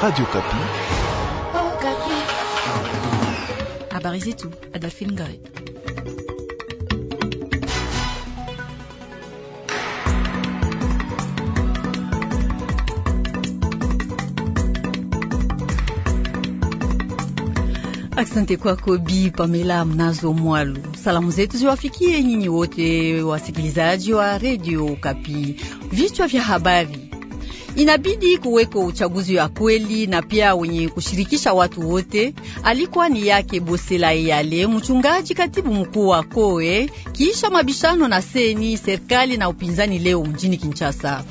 Radio Kapi. Oh, Kapi. Habari zetu, Adolphine Goy. Asante kwako Bi Pamela Mnazo Mwalu. Salamu zetu ziwafikie nyinyi wote wasikilizaji wa Radio Kapi. Vichwa vya habari inabidi kuweko uchaguzi wa kweli na pia wenye kushirikisha watu wote. Alikuwa ni yake Bosela Eyale, mchungaji katibu mkuu wa Koe, kiisha mabishano na seni serikali na upinzani leo mjini Kinshasa.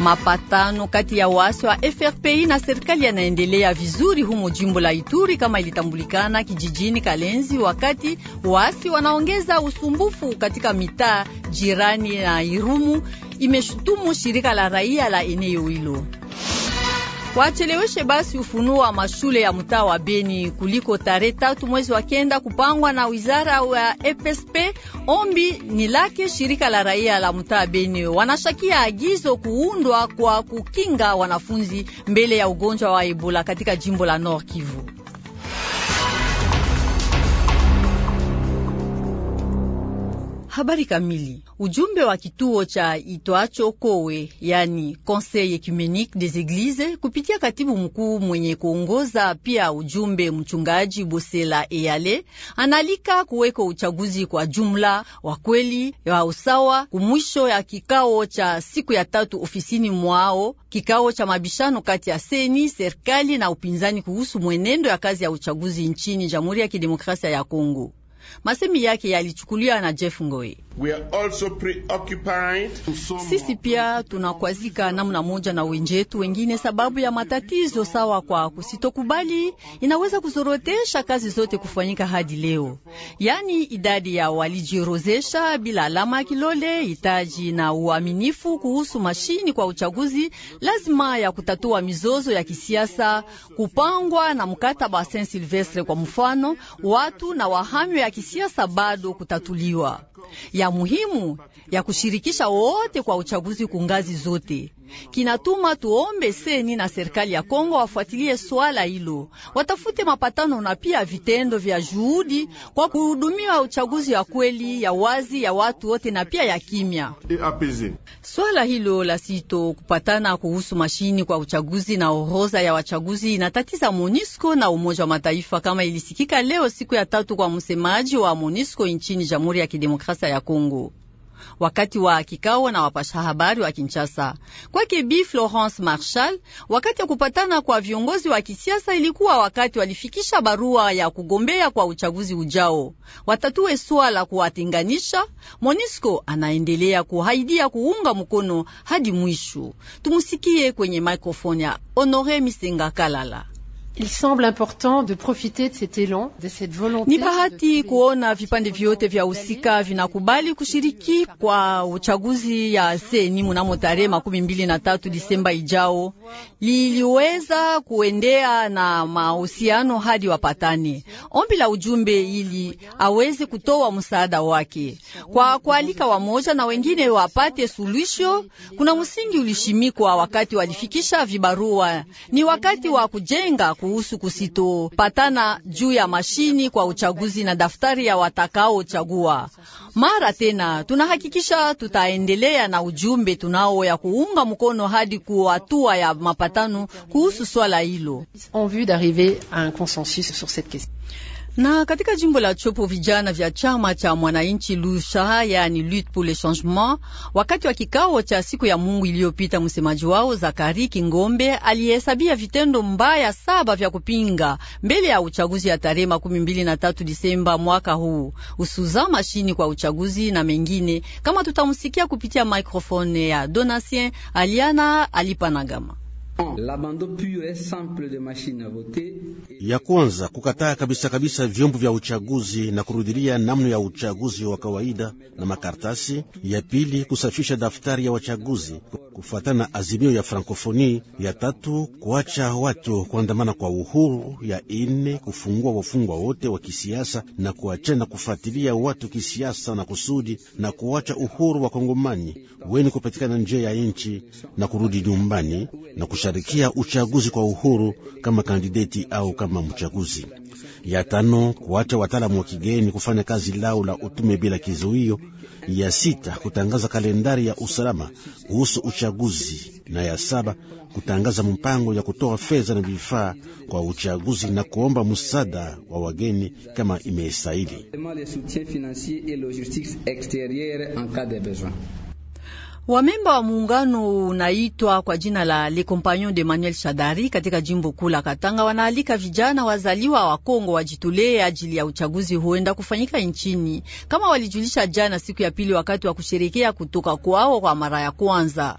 Mapatano kati ya waasi wa FRPI na serikali yanaendelea vizuri humo jimbo la Ituri kama ilitambulikana kijijini Kalenzi, wakati waasi wanaongeza usumbufu katika mitaa jirani na Irumu imeshutumu shirika la raia la eneo hilo wacheleweshe basi ufunuo wa mashule ya mtaa wa Beni kuliko tarehe tatu mwezi wa kenda kupangwa na wizara wa FSP. E Ombi ni lake shirika la raia la mtaa Beni, wanashakia agizo kuundwa kwa kukinga wanafunzi mbele ya ugonjwa wa Ebola katika jimbo la Nord Kivu. Habari kamili. Ujumbe wa kituo cha itwacho Kowe, yani Conseil Ecumenique des Eglises, kupitia katibu mkuu mwenye kuongoza pia ujumbe mchungaji Bosela Eyale, analika kuweko uchaguzi kwa jumla wa kweli wa usawa kumwisho ya kikao cha siku ya tatu ofisini mwao, kikao cha mabishano kati ya seni serikali na upinzani kuhusu mwenendo ya kazi ya uchaguzi nchini Jamhuri ya Kidemokrasia ya Kongo. Masemi yake yalichukuliwa na Jeff Ngoi. We are also preoccupied. Sisi pia tunakwazika namna moja na wenjetu wengine, sababu ya matatizo sawa kwa kusitokubali inaweza kuzorotesha kazi zote kufanyika hadi leo, yaani idadi ya walijirozesha bila alama ya kilole, hitaji na uaminifu kuhusu mashini kwa uchaguzi, lazima ya kutatua mizozo ya kisiasa kupangwa na mkataba wa Saint Silvestre kwa mfano, watu na wahamyo ya kisiasa bado kutatuliwa ya muhimu ya kushirikisha wote kwa uchaguzi kungazi zote. Kinatuma tuombe seni na serikali ya Kongo wafuatilie swala hilo, watafute mapatano na pia vitendo vya juhudi kwa kuhudumiwa uchaguzi wa kweli ya wazi ya watu wote na pia ya kimya. Swala hilo la sito kupatana kuhusu mashini kwa uchaguzi na orodha ya wachaguzi inatatiza MONUSCO na Umoja wa Mataifa, kama ilisikika leo siku ya tatu kwa msemaji wa MONUSCO nchini Jamhuri ya Kidemokrasia Kidemokrasia ya Kongo wakati wa kikao na wapasha habari wa Kinshasa kwake Bi Florence Marshal, wakati ya kupatana kwa viongozi wa kisiasa ilikuwa wakati walifikisha barua ya kugombea kwa uchaguzi ujao, watatue swala kuwatenganisha. Monisco anaendelea kuhaidia kuunga mkono hadi mwisho. Tumusikie kwenye maikrofoni ya Honore Misenga Kalala. Ni bahati kuona vipande vyote vya husika vinakubali kushiriki kwa uchaguzi ya seni mnamo tarehe makumi mbili na tatu Disemba ijao. Liliweza kuendea na mahusiano hadi wapatane. Ombi la ujumbe ili aweze kutoa msaada wake kwa kualika wamoja na wengine wapate suluhisho. Kuna msingi ulishimikwa wakati walifikisha vibarua, ni wakati wa kujenga ku kuhusu kusitopatana juu ya mashini kwa uchaguzi na daftari ya watakaochagua. Mara tena tunahakikisha tutaendelea na ujumbe tunao ya kuunga mkono hadi kwa ya mapatano kuhusu swala hilo. Na katika jimbo la Chopo vijana vya chama cha mwananchi Lusha, yani Lutte pour le Changement, wakati wa kikao cha siku ya Mungu iliyopita, msemaji wao Zakari Kingombe alihesabia vitendo mbaya saba vya kupinga mbele ya uchaguzi ya tarehe makumi mbili na tatu Disemba mwaka huu, usuza mashini kwa uchaguzi na mengine, kama tutamsikia kupitia microphone ya Donatien Aliana Alipanagama. Mm. ya kwanza kukataa kabisa kabisa vyombo vya uchaguzi na kurudilia namna ya uchaguzi wa kawaida na makaratasi. Ya pili kusafisha daftari ya wachaguzi kufuatana na azimio ya Frankofoni. Ya tatu kuacha watu kuandamana kwa uhuru. Ya ine kufungua wafungwa wote wa kisiasa na kuachana kufuatilia watu kisiasa na kusudi na kuacha uhuru wa Kongomani weni kupatikana nje ya nchi na kurudi nyumbani na kusha kusharikia uchaguzi kwa uhuru kama kandideti au kama mchaguzi. Ya tano, kuacha wataalamu wa kigeni kufanya kazi lao la utume bila kizuio. Ya sita, kutangaza kalendari ya usalama kuhusu uchaguzi, na ya saba, kutangaza mpango ya kutoa fedha na vifaa kwa uchaguzi na kuomba msaada wa wageni kama imestahili. Wamemba wa muungano unaitwa kwa jina la Le Compagnon de Manuel Shadari katika jimbo kuu la Katanga wanaalika vijana wazaliwa wa Kongo wajitolee ajili ya uchaguzi huenda kufanyika nchini, kama walijulisha jana siku ya pili wakati wa kusherekea kutoka kwao kwa mara ya kwanza.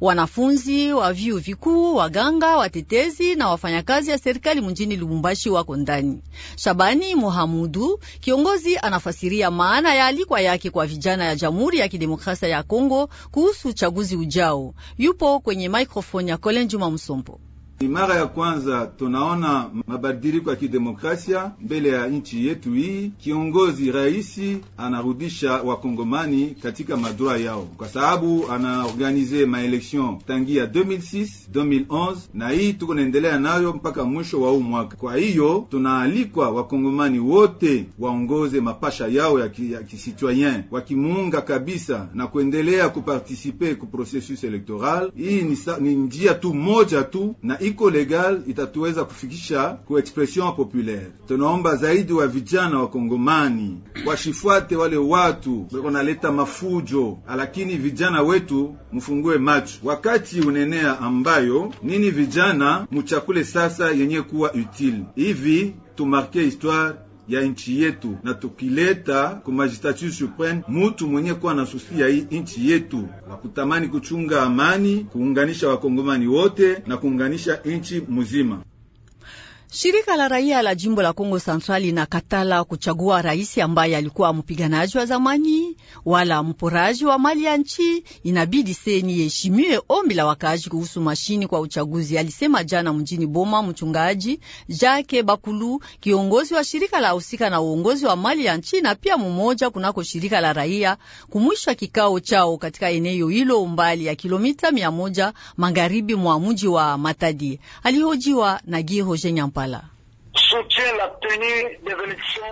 Wanafunzi wa vyuo vikuu, waganga, watetezi na wafanyakazi ya serikali mjini Lubumbashi wako ndani. Shabani Muhamudu, kiongozi, anafasiria maana ya alikwa yake kwa vijana ya Jamhuri ya Kidemokrasia ya Kongo kuhusu uchaguzi ujao. Yupo kwenye maikrofoni ya Kolenjuma Msompo. Ni mara ya kwanza tunaona mabadiliko ya kidemokrasia mbele ya nchi yetu hii. Kiongozi raisi anarudisha wakongomani katika madura yao, kwa sababu anaorganize maeleksion tangia 2006 2011, na hii tuko naendelea nayo mpaka mwisho wa huu mwaka. Kwa hiyo tunaalikwa wakongomani wote waongoze mapasha yao ya kisitwayen wakimuunga kabisa na kuendelea kupartisipe ku processus electoral. Hii ni, ni njia tu moja tu na iko legal itatuweza kufikisha ku expression populaire. Tunaomba zaidi wa vijana wa Kongomani washifuate wale watu wanaleta mafujo, lakini vijana wetu mfungue macho, wakati unenea ambayo nini, vijana muchakule sasa yenye kuwa utile hivi tumarke histoire ya nchi yetu, na tukileta ku magistrature supreme mutu mwenye kuwa na susi ya hii nchi yetu, kutamani kuchunga amani, kuunganisha wakongomani wote na kuunganisha nchi mzima. Shirika la raia la jimbo la Kongo Central linakatala kuchagua rais ambaye alikuwa mpiganaji wa zamani wala mporaji wa mali ya nchi. Inabidi seni yeshimiwe ombi la wakaaji kuhusu mashini kwa uchaguzi, alisema jana mjini Boma mchungaji Jake Bakulu, kiongozi wa shirika la husika na uongozi wa mali ya nchi na pia mmoja kunako shirika la raia, kumwisha kikao chao katika eneo hilo umbali ya kilomita mia moja magharibi mwa mji wa Matadi. Alihojiwa na Gihoje Nyampa. वाला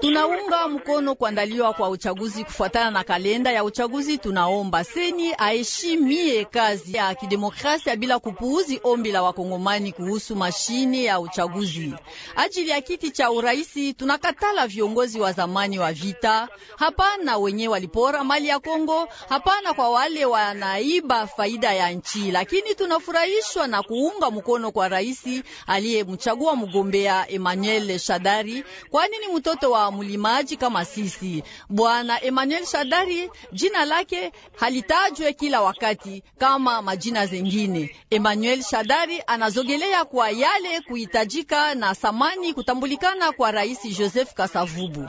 Tunaunga mkono kuandaliwa kwa uchaguzi kufuatana na kalenda ya uchaguzi. Tunaomba seni aheshimie kazi ya kidemokrasia bila kupuuzi ombi la wakongomani kuhusu mashine ya uchaguzi. Ajili ya kiti cha uraisi, tunakatala viongozi wa zamani wa vita. Hapana wenye walipora mali ya Kongo, hapana kwa wale wanaiba faida ya nchi, lakini tunafurahishwa na kuunga mkono kwa raisi aliyemchagua mgombea Emmanuel Emmanuel Shadari, kwani ni mtoto wa mlimaji kama sisi. Bwana Emmanuel Shadari, jina lake halitajwe kila wakati kama majina zengine. Emmanuel Shadari anazogelea kwa yale kuhitajika na samani kutambulikana kwa Rais Joseph Kasavubu.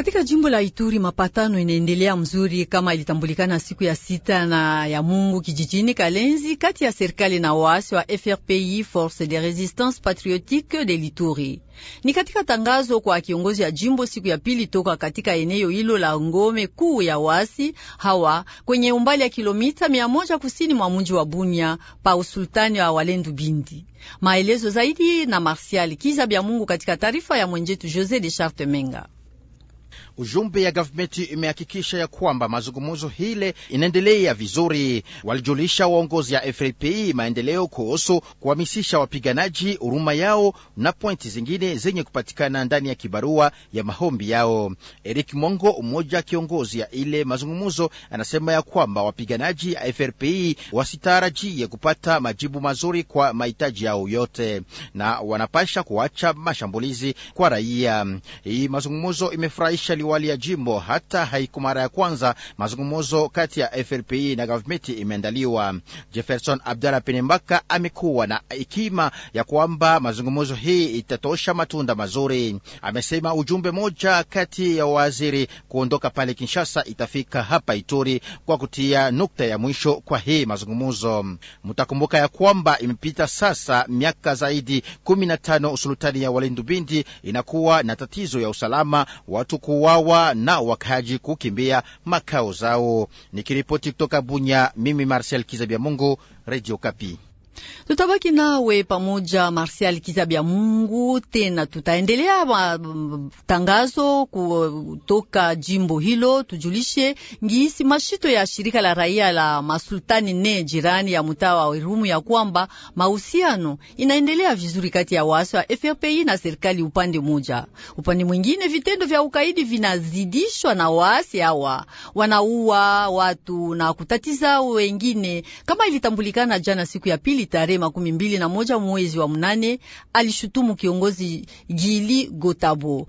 Katika jimbo la Ituri mapatano inaendelea mzuri kama ilitambulikana siku ya sita na ya Mungu kijijini Kalenzi, kati ya serikali na waasi wa FRPI, Force de Resistance Patriotique de l'Ituri. Ni katika tangazo kwa kiongozi ya jimbo siku ya pili toka katika eneo hilo la ngome kuu ya waasi hawa kwenye umbali ya kilomita mia moja kusini mwa mji wa bunya pa usultani wa Walendu Bindi. Maelezo zaidi na Marsial Kiza Bya Mungu katika taarifa ya mwenjetu Jose de Charte Menga. Ujumbe ya gavumenti imehakikisha ya kwamba mazungumuzo hile inaendelea vizuri. Walijulisha waongozi ya FRPI maendeleo kuhusu kuhamisisha wapiganaji huruma yao na pointi zingine zenye kupatikana ndani ya kibarua ya mahombi yao. Eric Mongo, mmoja kiongozi ya ile mazungumuzo anasema ya kwamba wapiganaji ya FRPI wasitarajie kupata majibu mazuri kwa mahitaji yao yote, na wanapasha kuacha mashambulizi kwa raia. Hii mazungumuzo imefurahisha liwali ya jimbo. Hata haiku mara ya kwanza mazungumzo kati ya FRPI na gavmenti imeandaliwa. Jefferson Abdalla Penembaka amekuwa na hekima ya kwamba mazungumzo hii itatosha matunda mazuri. Amesema ujumbe moja kati ya waziri kuondoka pale Kinshasa itafika hapa Ituri kwa kutia nukta ya mwisho kwa hii mazungumzo. Mtakumbuka ya kwamba imepita sasa miaka zaidi kumi na tano sultani ya walindubindi Bindi inakuwa na tatizo ya usalama watu kuwa waliouawa na wakaaji kukimbia makao zao. Nikiripoti kutoka Bunya, mimi Marcel Kizabia Mungu, Radio Kapi. Tutabaki nawe pamoja Martial Kizabia Mungu. Tena tutaendelea matangazo kutoka jimbo hilo, tujulishe ngisi mashito ya shirika la raia la masultani ne jirani ya mtaa wa Irumu ya kwamba mahusiano inaendelea vizuri kati ya waasi wa FRPI na serikali upande moja. Upande mwingine, vitendo vya ukaidi vinazidishwa na waasi hawa, wanaua watu na kutatiza wengine, kama ilitambulikana jana siku ya pili tarehe makumi mbili na moja mwezi wa mnane alishutumu kiongozi Gili Gotabo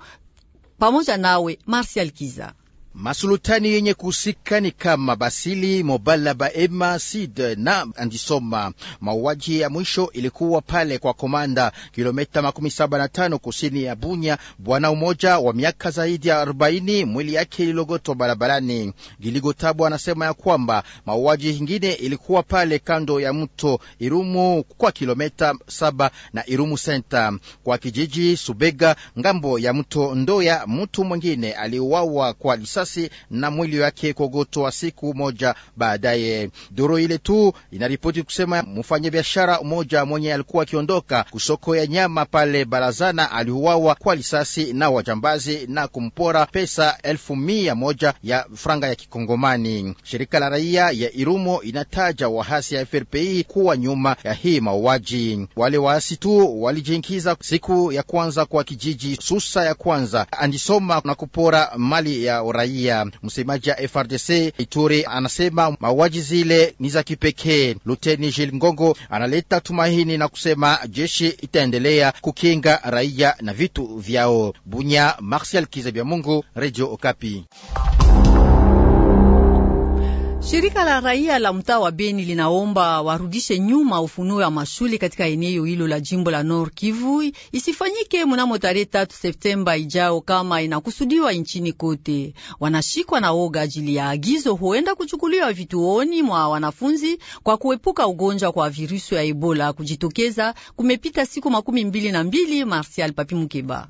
pamoja nawe Marsial Kiza. Masulutani yenye kuhusika ni kama Basili mobala baema Sid na Andisoma. Mauaji ya mwisho ilikuwa pale kwa Komanda, kilomita 75 kusini ya Bunya. Bwana umoja wa miaka zaidi ya 40, mwili yake ililogotwa barabarani. giligotabu anasema ya kwamba mauaji ingine ilikuwa pale kando ya mto Irumu kwa kilomita 7 na Irumu senta kwa kijiji Subega, ngambo ya mto Ndoya. Mtu mwingine aliuawa kwa lisa risasi na mwili wake kuogotwa siku moja baadaye. Duru ile tu inaripoti kusema biashara mmoja mwenye alikuwa akiondoka kusoko ya nyama pale Barazana aliuawa kwa risasi na wajambazi na kumpora pesa elfu mia moja ya franga ya Kikongomani. Shirika la raia ya Irumo inataja waasi ya FRPI kuwa nyuma ya hii mauaji. Wale waasi tu walijiingiza siku ya kwanza kwa kijiji Susa ya kwanza andisoma na kupora mali ya raia raia. Msemaji wa FRDC Ituri anasema mauaji zile ni za kipekee. Luteni Jil ngongo analeta tumaini na kusema jeshi itaendelea kukinga raia na vitu vyao. Bunya, Marsial Kizabya Mungu, Radio Okapi. Shirika la raia la mtaa wa Beni linaomba warudishe nyuma ufunuo wa mashule katika eneo hilo la jimbo la Nord Kivu isifanyike mnamo tarehe tatu Septemba ijao kama inakusudiwa nchini kote. Wanashikwa na oga ajili ya agizo huenda kuchukuliwa vituoni mwa wanafunzi kwa kuepuka ugonjwa kwa virusi ya Ebola kujitokeza. Kumepita siku makumi mbili na mbili. Marsial Papi Mukeba.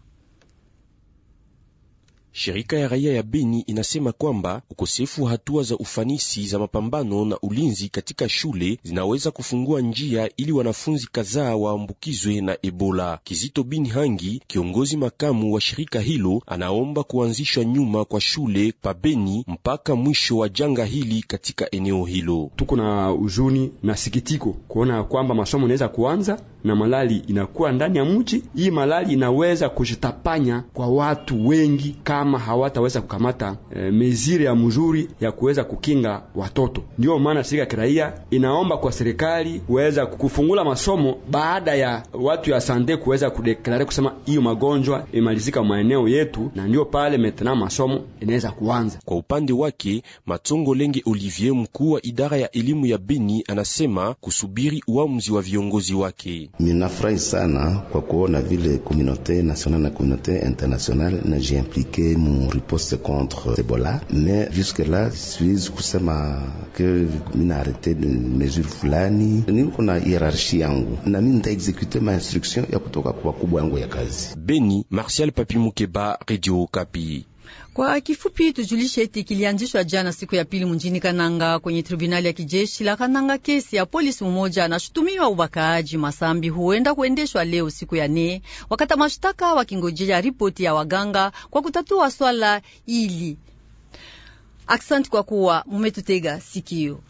Shirika ya raia ya Beni inasema kwamba ukosefu wa hatua za ufanisi za mapambano na ulinzi katika shule zinaweza kufungua njia ili wanafunzi kadhaa waambukizwe na Ebola. Kizito Bin Hangi, kiongozi makamu wa shirika hilo, anaomba kuanzishwa nyuma kwa shule pa Beni mpaka mwisho wa janga hili katika eneo hilo. Tuko na uzuni na sikitiko kuona kwamba masomo inaweza kuanza na malali inakuwa ndani ya mji. Hii malali inaweza kujitapanya kwa watu wengi kama kama hawataweza kukamata e, miziri ya mzuri ya kuweza kukinga watoto. Ndiyo maana shirika kiraia inaomba kwa serikali kuweza kufungula masomo baada ya watu ya sante kuweza kudeklare kusema hiyo magonjwa imalizika maeneo yetu, na ndio pale metena masomo inaweza kuanza. Kwa upande wake Matongo Lenge Olivier, mkuu wa idara ya elimu ya Beni, anasema kusubiri uamuzi wa viongozi wake. Ninafurahi sana kwa kuona vile komunote nasional na komunote international najiimplike et mon riposte contre Ebola. Mais jusque-là, suis kusema que mina arrêté de mesure fulani. Niko na hiérarchie yangu na mimi nitaexecute ma instruction ya kutoka kwa wakubwa yangu ya kazi. Beni, Martial Papi Radio Kapi. Kwa kifupi tujulishe eti kilianzishwa jana siku ya pili mjini Kananga kwenye tribunali ya kijeshi la Kananga kesi ya polisi mmoja anashutumiwa ubakaaji masambi huenda kuendeshwa leo siku ya nne, wakata mashtaka wakingojea ripoti ya waganga kwa kutatua swala hili. Aksanti kwa kuwa mumetutega sikio.